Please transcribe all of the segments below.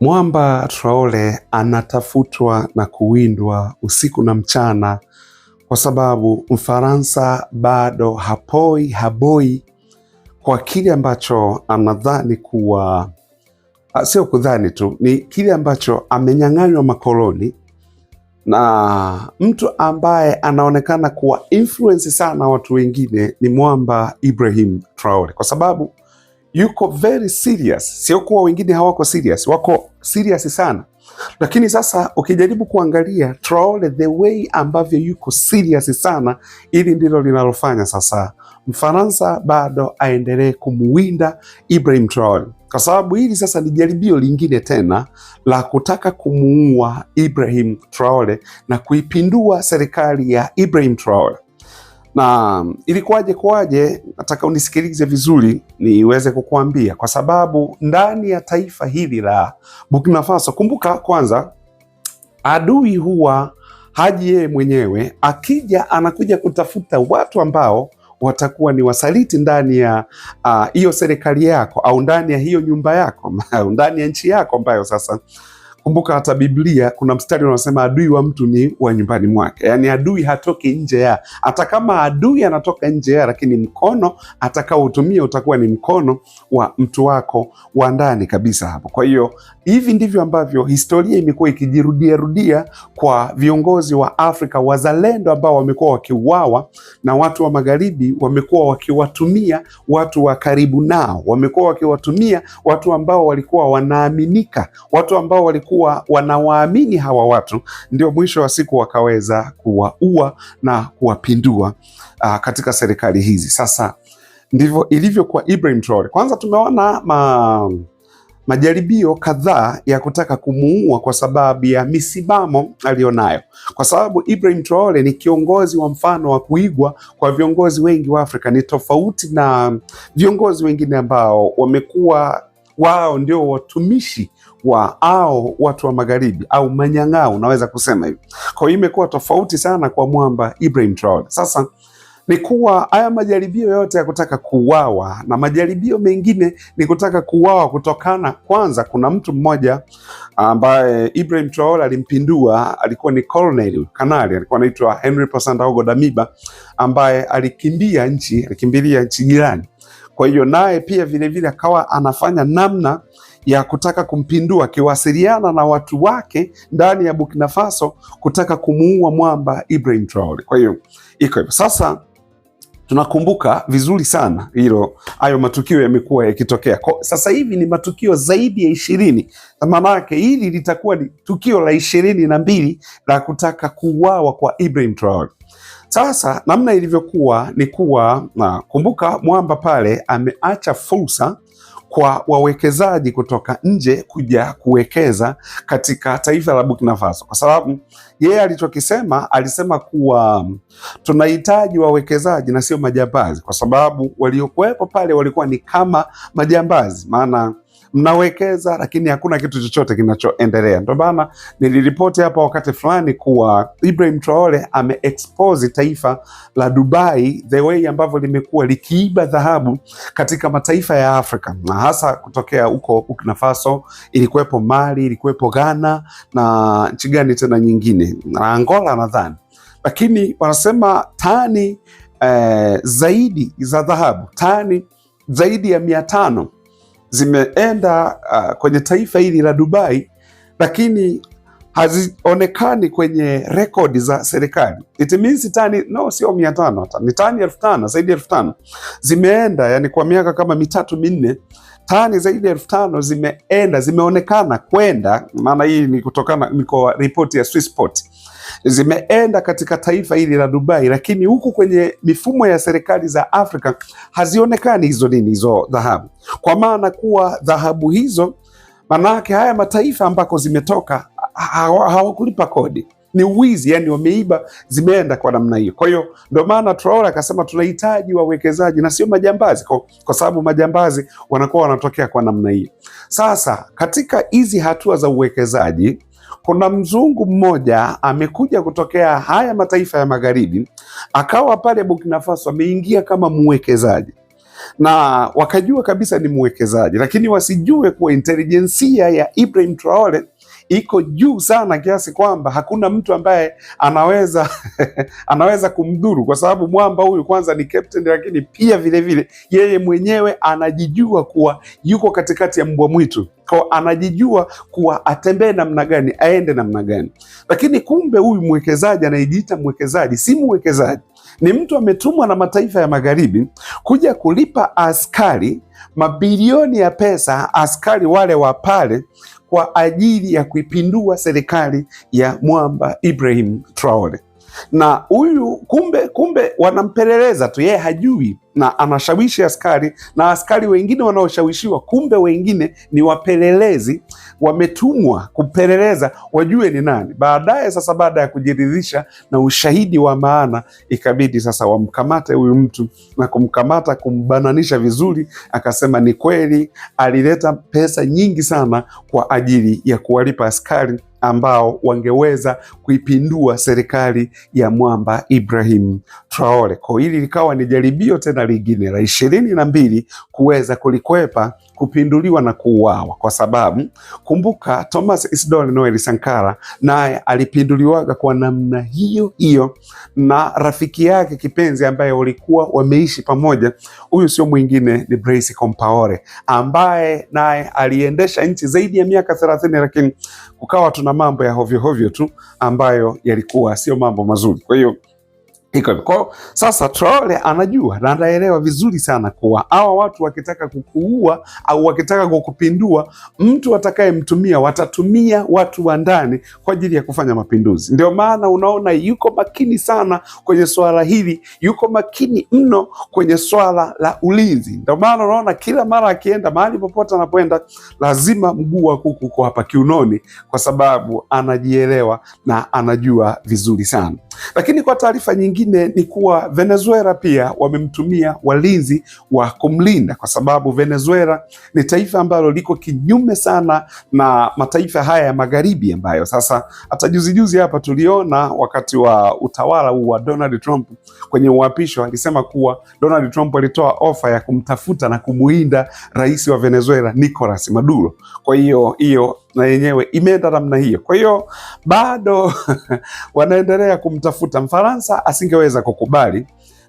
Mwamba Traore anatafutwa na kuwindwa usiku na mchana kwa sababu Mfaransa bado hapoi haboi kwa kile ambacho anadhani kuwa ah, sio kudhani tu, ni kile ambacho amenyang'anywa makoloni na mtu ambaye anaonekana kuwa influence sana watu wengine ni Mwamba Ibrahim Traore kwa sababu yuko very serious, sio kuwa wengine hawako serious, wako serious sana. Lakini sasa ukijaribu kuangalia Traore, the way ambavyo yuko serious sana, ili ndilo linalofanya sasa Mfaransa bado aendelee kumuwinda Ibrahim Traore, kwa sababu hili sasa ni jaribio lingine tena la kutaka kumuua Ibrahim Traore na kuipindua serikali ya Ibrahim Traore na ilikuwaje kwaje, nataka unisikilize vizuri niweze kukuambia, kwa sababu ndani ya taifa hili la Burkina Faso, kumbuka kwanza, adui huwa haji yeye mwenyewe, akija anakuja kutafuta watu ambao watakuwa ni wasaliti ndani ya ah, hiyo uh, serikali yako au ndani ya hiyo nyumba yako au ndani ya nchi yako ambayo sasa Kumbuka hata Biblia kuna mstari unasema adui wa mtu ni wa nyumbani mwake, yaani adui hatoki nje ya. Hata kama adui anatoka nje ya, lakini mkono atakaoutumia utakuwa ni mkono wa mtu wako wa ndani kabisa hapo. Kwa hiyo hivi ndivyo ambavyo historia imekuwa ikijirudia rudia kwa viongozi wa Afrika wazalendo ambao wamekuwa wakiuawa na watu wa magharibi, wamekuwa wakiwatumia watu wa karibu nao, wamekuwa wakiwatumia watu ambao walikuwa wanaaminika, watu ambao walikuwa kuwa wanawaamini hawa watu, ndio mwisho wa siku wakaweza kuwaua na kuwapindua uh, katika serikali hizi. Sasa ndivyo ilivyo kwa Ibrahim Traore. Kwanza tumeona ma, majaribio kadhaa ya kutaka kumuua kwa sababu ya misimamo aliyonayo, kwa sababu Ibrahim Traore ni kiongozi wa mfano wa kuigwa kwa viongozi wengi wa Afrika. Ni tofauti na viongozi wengine ambao wamekuwa wao ndio watumishi wa au watu wa magharibi au manyang'ao, unaweza kusema hivi. Kwa hiyo imekuwa tofauti sana kwa mwamba Ibrahim Traore. Sasa ni kuwa haya majaribio yote ya kutaka kuuawa na majaribio mengine ni kutaka kuuawa kutokana, kwanza, kuna mtu mmoja ambaye Ibrahim Traore alimpindua, alikuwa ni colonel kanali, alikuwa anaitwa Henry Posandaogo Damiba ambaye alikimbia nchi, alikimbilia nchi jirani. Kwa hiyo naye pia vilevile akawa anafanya namna ya kutaka kumpindua akiwasiliana na watu wake ndani ya Burkina Faso kutaka kumuua mwamba Ibrahim Traore. Kwa hiyo iko hivyo sasa tunakumbuka vizuri sana hilo, hayo matukio yamekuwa yakitokea. Sasa hivi ni matukio zaidi ya ishirini. Maana yake hili litakuwa ni tukio la ishirini na mbili la kutaka kuuawa kwa Ibrahim Traore. Sasa namna ilivyokuwa ni kuwa na, kumbuka mwamba pale ameacha fursa kwa wawekezaji kutoka nje kuja kuwekeza katika taifa la Burkina Faso, kwa sababu yeye alichokisema, alisema kuwa mm, tunahitaji wawekezaji na sio majambazi, kwa sababu waliokuwepo pale walikuwa ni kama majambazi, maana mnawekeza, lakini hakuna kitu chochote kinachoendelea. Ndio maana niliripoti hapa wakati fulani kuwa Ibrahim Traore ameexpose taifa la Dubai the way ambavyo limekuwa likiiba dhahabu katika mataifa ya Afrika na hasa kutokea huko Burkina Faso, ilikuwepo Mali, ilikuwepo Ghana na nchi gani tena nyingine na Angola nadhani, lakini wanasema tani eh, zaidi za dhahabu tani zaidi ya mia tano zimeenda uh, kwenye taifa hili la Dubai, lakini hazionekani kwenye rekodi za serikali. It means tani no, sio mia tano hata ni tani elfu tano zaidi ya elfu tano zimeenda, yani kwa miaka kama mitatu minne tani zaidi ya elfu tano zimeenda zimeonekana kwenda. Maana hii ni kutokana, ni kwa ripoti ya Swissport zimeenda katika taifa hili la Dubai, lakini huku kwenye mifumo ya serikali za Afrika hazionekani hizo nini, hizo dhahabu, kwa maana kuwa dhahabu hizo, maanake haya mataifa ambako zimetoka hawakulipa kodi ni uwizi, yani wameiba, zimeenda kwa namna hiyo. Kwa hiyo ndio maana Traore akasema tunahitaji wawekezaji na sio majambazi, kwa, kwa sababu majambazi wanakuwa wanatokea kwa namna hiyo. Sasa katika hizi hatua za uwekezaji kuna mzungu mmoja amekuja kutokea haya mataifa ya magharibi, akawa pale Burkina Faso, ameingia kama mwekezaji na wakajua kabisa ni mwekezaji, lakini wasijue kuwa intelijensia ya Ibrahim Traore iko juu sana kiasi kwamba hakuna mtu ambaye anaweza anaweza kumdhuru, kwa sababu mwamba huyu kwanza ni captain, lakini pia vilevile vile, yeye mwenyewe anajijua kuwa yuko katikati ya mbwa mwitu kwa anajijua kuwa atembee namna gani, aende namna gani. Lakini kumbe huyu mwekezaji anayejiita mwekezaji si mwekezaji, ni mtu ametumwa na mataifa ya magharibi kuja kulipa askari mabilioni ya pesa, askari wale wa pale kwa ajili ya kuipindua serikali ya Mwamba Ibrahim Traore na huyu kumbe kumbe wanampeleleza tu, yeye hajui, na anashawishi askari na askari wengine wanaoshawishiwa, kumbe wengine ni wapelelezi wametumwa kupeleleza wajue ni nani. Baadaye sasa, baada ya kujiridhisha na ushahidi wa maana, ikabidi sasa wamkamate huyu mtu na kumkamata, kumbananisha vizuri, akasema ni kweli alileta pesa nyingi sana kwa ajili ya kuwalipa askari ambao wangeweza kuipindua serikali ya Mwamba Ibrahim Traore. Kwa hili likawa ni jaribio tena lingine la ishirini na mbili kuweza kulikwepa kupinduliwa na kuuawa, kwa sababu kumbuka, Thomas Isidore Noel Sankara naye alipinduliwaga kwa namna hiyo hiyo na rafiki yake kipenzi ambaye walikuwa wameishi pamoja. Huyu sio mwingine ni Blaise Compaore ambaye naye aliendesha nchi zaidi ya miaka thelathini, lakini kukawa tuna mambo ya hovyohovyo tu ambayo yalikuwa sio mambo mazuri, kwa hiyo Iko hivyo. sasa, trole anajua na anaelewa vizuri sana kuwa hawa watu wakitaka kukuua au wakitaka kukupindua, mtu atakayemtumia watatumia watu wa ndani kwa ajili ya kufanya mapinduzi. Ndio maana unaona yuko makini sana kwenye swala hili, yuko makini mno kwenye swala la ulinzi. Ndio maana unaona kila mara akienda mahali popote anapoenda, lazima mguu wa kuku uko hapa kiunoni, kwa sababu anajielewa na anajua vizuri sana. Lakini kwa taarifa nyingine lingine ni kuwa Venezuela pia wamemtumia walinzi wa kumlinda, kwa sababu Venezuela ni taifa ambalo liko kinyume sana na mataifa haya ya magharibi, ambayo sasa hata juzi juzi hapa tuliona wakati wa utawala huu wa Donald Trump kwenye uapisho, alisema kuwa Donald Trump alitoa ofa ya kumtafuta na kumuinda rais wa Venezuela Nicolas Maduro. Kwa hiyo hiyo na yenyewe imeenda namna hiyo. Kwa hiyo bado wanaendelea kumtafuta. Mfaransa asingeweza kukubali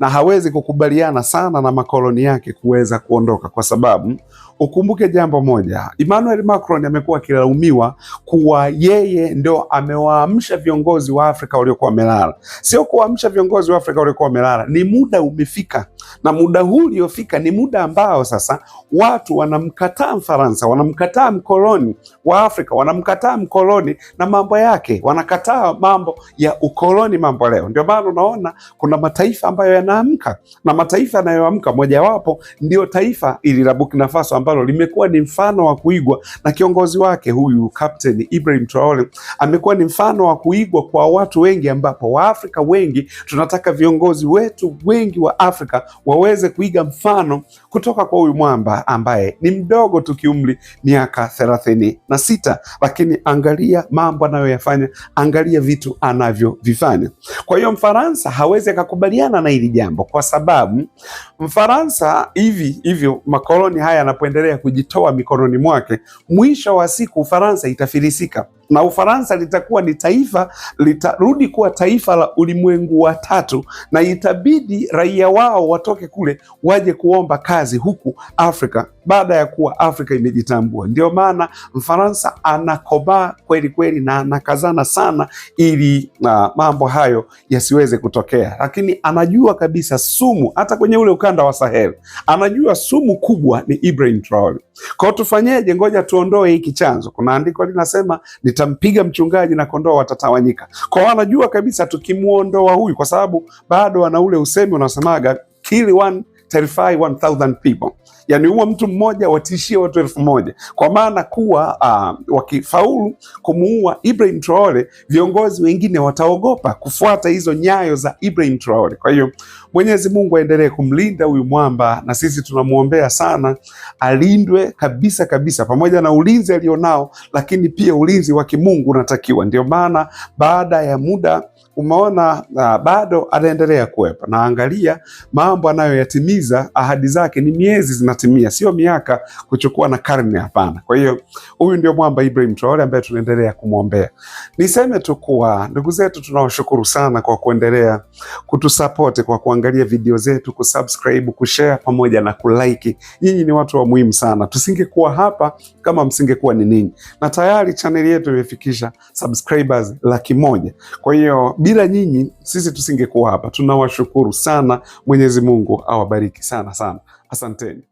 na hawezi kukubaliana sana na makoloni yake kuweza kuondoka kwa sababu Ukumbuke jambo moja, Emmanuel Macron amekuwa akilaumiwa kuwa yeye ndio amewaamsha viongozi wa Afrika waliokuwa wamelala. Sio kuwaamsha viongozi wa Afrika waliokuwa wamelala, ni muda umefika, na muda huu uliofika ni muda ambao sasa watu wanamkataa Mfaransa, wanamkataa mkoloni wa Afrika, wanamkataa mkoloni na mambo yake, wanakataa mambo ya ukoloni, mambo leo. Ndio maana unaona kuna mataifa ambayo yanaamka, na mataifa yanayoamka mojawapo ndio taifa ili la Burkina Faso ambalo limekuwa ni mfano wa kuigwa na kiongozi wake huyu Captain Ibrahim Traore, amekuwa ni mfano wa kuigwa kwa watu wengi, ambapo Waafrika wengi tunataka viongozi wetu wengi wa Afrika waweze kuiga mfano kutoka kwa huyu mwamba ambaye ni mdogo tu kiumri, miaka thelathini na sita, lakini angalia mambo anayoyafanya, angalia vitu anavyovifanya. Kwa hiyo Mfaransa hawezi akakubaliana na hili jambo, kwa sababu Mfaransa hivi hivyo makoloni haya yanapoenda kuendelea kujitoa mikononi mwake, mwisho wa siku Ufaransa itafilisika na Ufaransa litakuwa ni taifa, litarudi kuwa taifa la ulimwengu wa tatu, na itabidi raia wao watoke kule waje kuomba kazi huku Afrika baada ya kuwa Afrika imejitambua. Ndio maana Mfaransa anakobaa kweli kweli na anakazana sana ili na ah, mambo hayo yasiweze kutokea, lakini anajua kabisa sumu, hata kwenye ule ukanda wa Sahel anajua sumu kubwa ni Ibrahim Traore. Kwao tufanyeje? Ngoja tuondoe hiki chanzo. Kuna andiko linasema nitampiga mchungaji na kondoo watatawanyika. Kwa wanajua kabisa tukimwondoa huyu, kwa sababu bado wana ule usemi unasemaga kill one terrify 1000 people yani uwa mtu mmoja watishie watu elfu moja kwa maana kuwa uh, wakifaulu kumuua Ibrahim Traore, viongozi wengine wataogopa kufuata hizo nyayo za Ibrahim Traore. Kwa hiyo Mwenyezi Mungu aendelee kumlinda huyu mwamba, na sisi tunamwombea sana, alindwe kabisa kabisa, pamoja na ulinzi alionao, lakini pia ulinzi wa kimungu unatakiwa. Ndio maana baada ya muda umeona uh, bado anaendelea kuwepo na angalia mambo anayoyatimiza ahadi zake, ni miezi zina inatimia, sio miaka kuchukua na karne, hapana. Kwa hiyo huyu ndio mwamba Ibrahim Traore ambaye tunaendelea kumwombea. Niseme tu kuwa ndugu zetu tunawashukuru sana kwa kuendelea kutusapoti kwa kuangalia video zetu, kusubscribe, kushare pamoja na kulike. Nyinyi ni watu wa muhimu sana, tusingekuwa hapa kama msingekuwa ni ninyi, na tayari chaneli yetu imefikisha subscribers laki moja. Kwa hiyo bila nyinyi sisi tusingekuwa hapa. Tunawashukuru sana. Mwenyezi Mungu awabariki sana sana, asanteni.